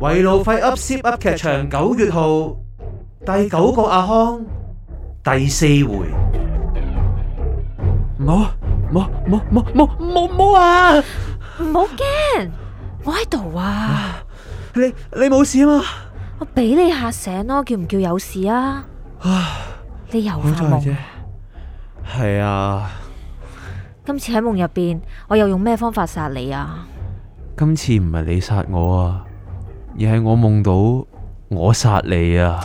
圍路費 up，up，Zip 噏劇場九月號第九個阿康第四回，唔好，唔好，唔好，唔好，唔好，唔好啊！唔好驚，我喺度啊！你你冇事啊？我俾你吓醒咯，叫唔叫有事啊？你又發夢啫？係啊！今次喺夢入邊，我又用咩方法殺你啊？今次唔係你殺我啊！而係我夢到我殺你啊！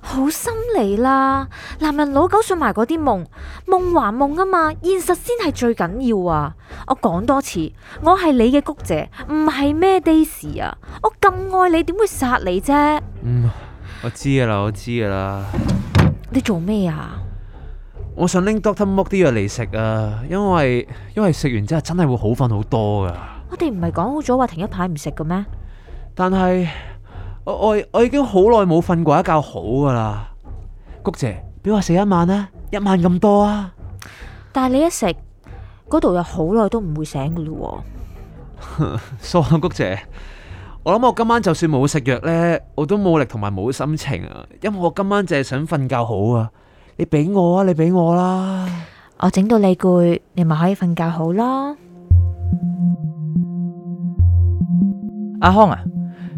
好心理啦，男人老狗信埋嗰啲夢，夢還夢啊嘛，現實先係最緊要啊！我講多次，我係你嘅谷姐，唔係咩 Daisy 啊！我咁愛你，點會殺你啫？嗯，我知噶啦，我知噶啦。你做咩啊？我想拎 Dr. Mok 啲藥嚟食啊，因為因為食完之後真係會好瞓好多噶。我哋唔係講好咗話停一排唔食嘅咩？但係我我我已經好耐冇瞓過一覺好噶啦，谷姐，俾我食一晚啦，啊，一晚咁多啊！但係你一食，嗰度又好耐都唔會醒噶啦。傻啊，谷姐！我諗我今晚就算冇食藥呢，我都冇力同埋冇心情啊，因為我今晚淨係想瞓覺好啊！你俾我啊，你俾我啦！我整到你攰，你咪可以瞓覺好咯。阿康啊！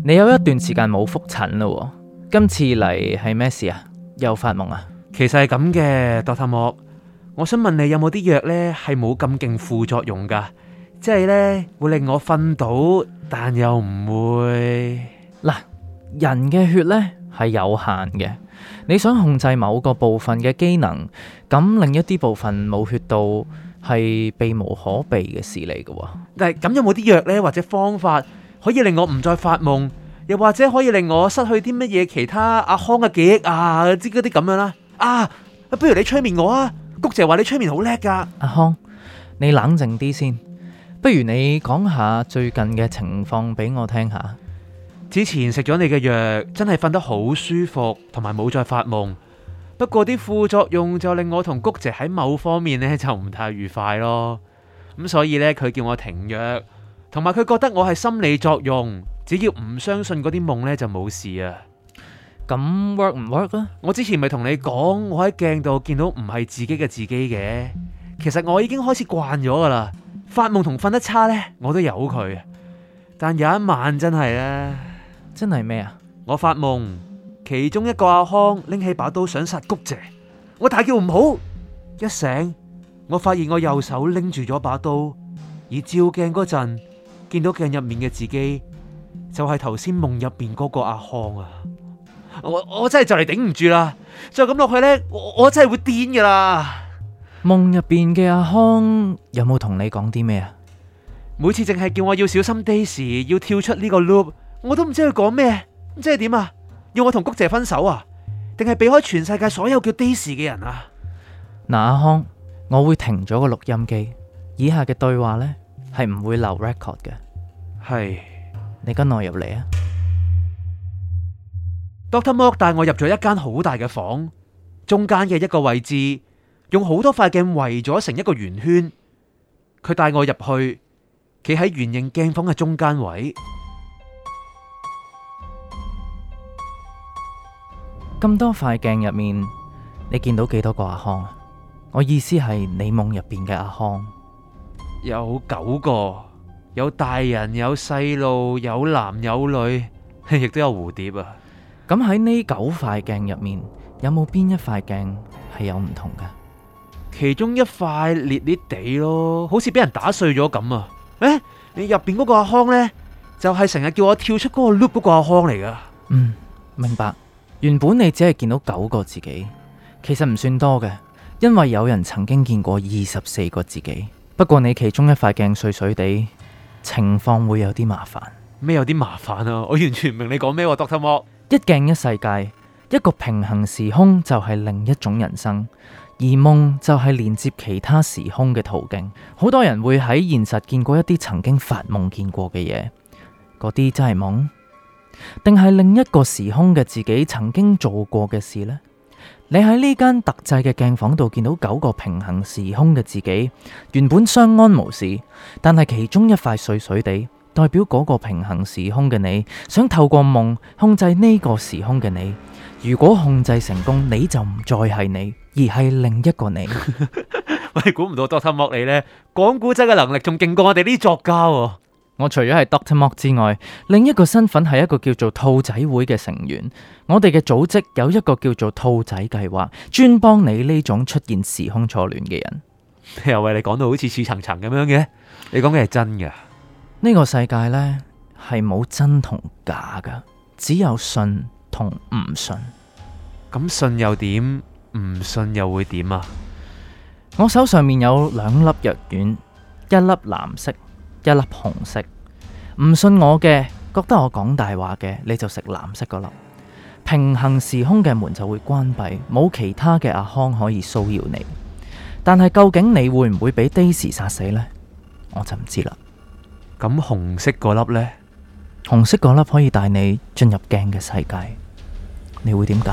你有一段時間冇復診啦，今次嚟係咩事啊？又發夢啊？其實係咁嘅，Dr. Mok，我想問你有冇啲藥呢係冇咁勁副作用噶？即係呢，會令我瞓到，但又唔會嗱。人嘅血呢係有限嘅，你想控制某個部分嘅機能，咁另一啲部分冇血到係避無可避嘅事嚟嘅。嗱，咁有冇啲藥呢？或者方法？可以令我唔再發夢，又或者可以令我失去啲乜嘢其他阿康嘅記憶啊，即嗰啲咁樣啦。啊，不如你催眠我啊，谷姐話你催眠好叻噶。阿康，你冷靜啲先。不如你講下最近嘅情況俾我聽下。之前食咗你嘅藥，真係瞓得好舒服，同埋冇再發夢。不過啲副作用就令我同谷姐喺某方面呢就唔太愉快咯。咁所以呢，佢叫我停藥。同埋佢覺得我係心理作用，只要唔相信嗰啲夢呢，就冇事啊。咁 work 唔 work 啊？我之前咪同你講，我喺鏡度見到唔係自己嘅自己嘅。其實我已經開始慣咗噶啦。發夢同瞓得差呢，我都由佢。但有一晚真係呢，真係咩啊？我發夢，其中一個阿康拎起把刀想殺谷姐，我大叫唔好。一醒，我發現我右手拎住咗把刀，而照鏡嗰陣。見到鏡入面嘅自己，就係頭先夢入邊嗰個阿康啊！我我真係就嚟頂唔住啦，再咁落去呢，我真係會癲噶啦！夢入邊嘅阿康有冇同你講啲咩啊？每次淨係叫我要小心 Daisy，要跳出呢個 loop，我都唔知佢講咩，即係點啊？要我同菊姐分手啊？定係避開全世界所有叫 Daisy 嘅人啊？嗱，啊，阿康，我會停咗個錄音機，以下嘅對話呢，係唔會留 record 嘅。係，你跟我入嚟啊！Doctor Mok 帶我入咗一間好大嘅房間，中間嘅一個位置用好多塊鏡圍咗成一個圓圈。佢帶我入去，企喺圓形鏡房嘅中間位。咁多塊鏡入面，你見到幾多個阿康啊？我意思係你夢入邊嘅阿康。有九個，有大人，有細路，有男有女，亦都有蝴蝶啊。咁喺呢九塊鏡入面，有冇邊一塊鏡係有唔同噶？其中一塊裂裂地咯，好似俾人打碎咗咁啊！誒、欸，你入邊嗰個阿康呢，就係成日叫我跳出嗰個 loop 嗰個阿康嚟噶。嗯，明白。原本你只係見到九個自己，其實唔算多嘅，因為有人曾經見過二十四個自己。不過你其中一塊鏡碎碎地，情況會有啲麻煩。咩有啲麻煩啊？我完全唔明你講咩，Dr. Mok。一鏡一世界，一個平行時空就係另一種人生，而夢就係連接其他時空嘅途徑。好多人會喺現實見過一啲曾經發夢見過嘅嘢，嗰啲真係夢，定係另一個時空嘅自己曾經做過嘅事呢？你喺呢間特製嘅鏡房度見到九個平行時空嘅自己，原本相安無事，但係其中一塊碎碎地，代表嗰個平行時空嘅你想透過夢控制呢個時空嘅你。如果控制成功，你就唔再係你，而係另一個你。 我估唔到 Doctor 莫莉呢講古仔嘅能力仲勁過我哋啲作家。我除咗係 Dr. Mok 之外，另一個身份係一個叫做兔仔會嘅成員。我哋嘅組織有一個叫做兔仔計劃，專幫你呢種出現時空錯亂嘅人。又為你講到好似似層層咁樣嘅，你講嘅係真噶？呢個世界呢，係冇真同假噶，只有信同唔信。咁信又點？唔信又會點啊？我手上面有兩粒藥丸，一粒藍色，一粒紅色，唔信我嘅、覺得我講大話嘅，你就食藍色個粒，平行時空嘅門就會關閉，冇其他嘅阿康可以騷擾你。但係究竟你會唔會俾低時殺死呢？我就唔知啦。咁紅色個粒呢？紅色個粒可以帶你進入鏡嘅世界，你會點揀？